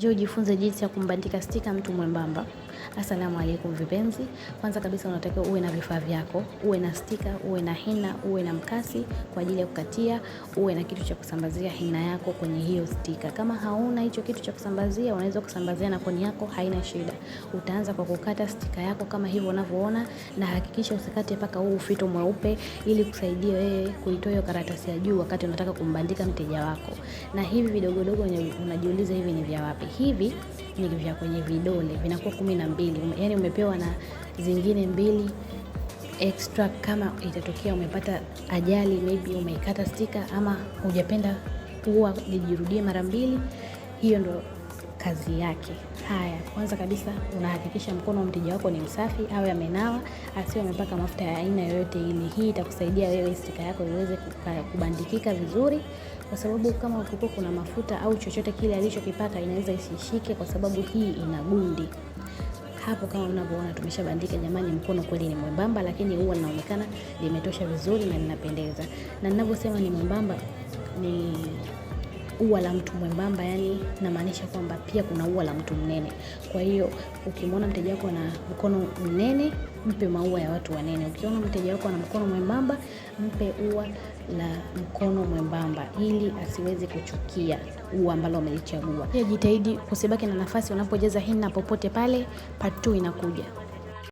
Njoo ujifunze jinsi ya kumbandika stika mtu mwembamba. Asalamu alaikum vipenzi. Kwanza kabisa unatakiwa uwe na vifaa vyako, uwe na stika, uwe na hina, uwe na mkasi kwa ajili ya kukatia, uwe na kitu cha kusambazia hina yako kwenye hiyo stika. Kama hauna hicho kitu cha kusambazia, unaweza kusambazia na koni yako, haina shida. Utaanza kwa kukata stika yako kama hivyo unavyoona, na hakikisha usikate mpaka huu ufito mweupe, ili kusaidia wewe kuitoa hiyo karatasi ya juu wakati unataka kumbandika mteja wako. Na hivi vidogodogo unajiuliza hivi ni vya wapi? Hivi vipele vya kwenye vidole vinakuwa kumi na mbili, yaani umepewa na zingine mbili extra kama itatokea umepata ajali maybe umeikata stika ama hujapenda kuwa lijirudie mara mbili, hiyo ndo kazi yake. Haya, kwanza kabisa unahakikisha mkono wa mteja wako ni msafi, awe amenawa, asiwe amepaka mafuta ya aina yoyote ile. Hii itakusaidia wewe stika yako iweze kubandikika vizuri, kwa sababu kama kulikuwa kuna mafuta au chochote kile alichokipaka inaweza isishike, kwa sababu hii ina gundi hapo kama unavyoona tumeshabandika. Jamani, mkono kweli ni mwembamba, lakini huwa linaonekana limetosha vizuri na linapendeza. Na ninavyosema ni mwembamba ni ua la mtu mwembamba, yani namaanisha kwamba pia kuna ua la mtu mnene. Kwa hiyo ukimwona mteja wako ana mkono mnene, mpe maua ya watu wanene. Ukiona mteja wako ana mkono mwembamba, mpe ua la mkono mwembamba, ili asiweze kuchukia ua ambalo amelichagua. Jitahidi kusibaki na nafasi unapojaza hina popote pale. Part 2 inakuja.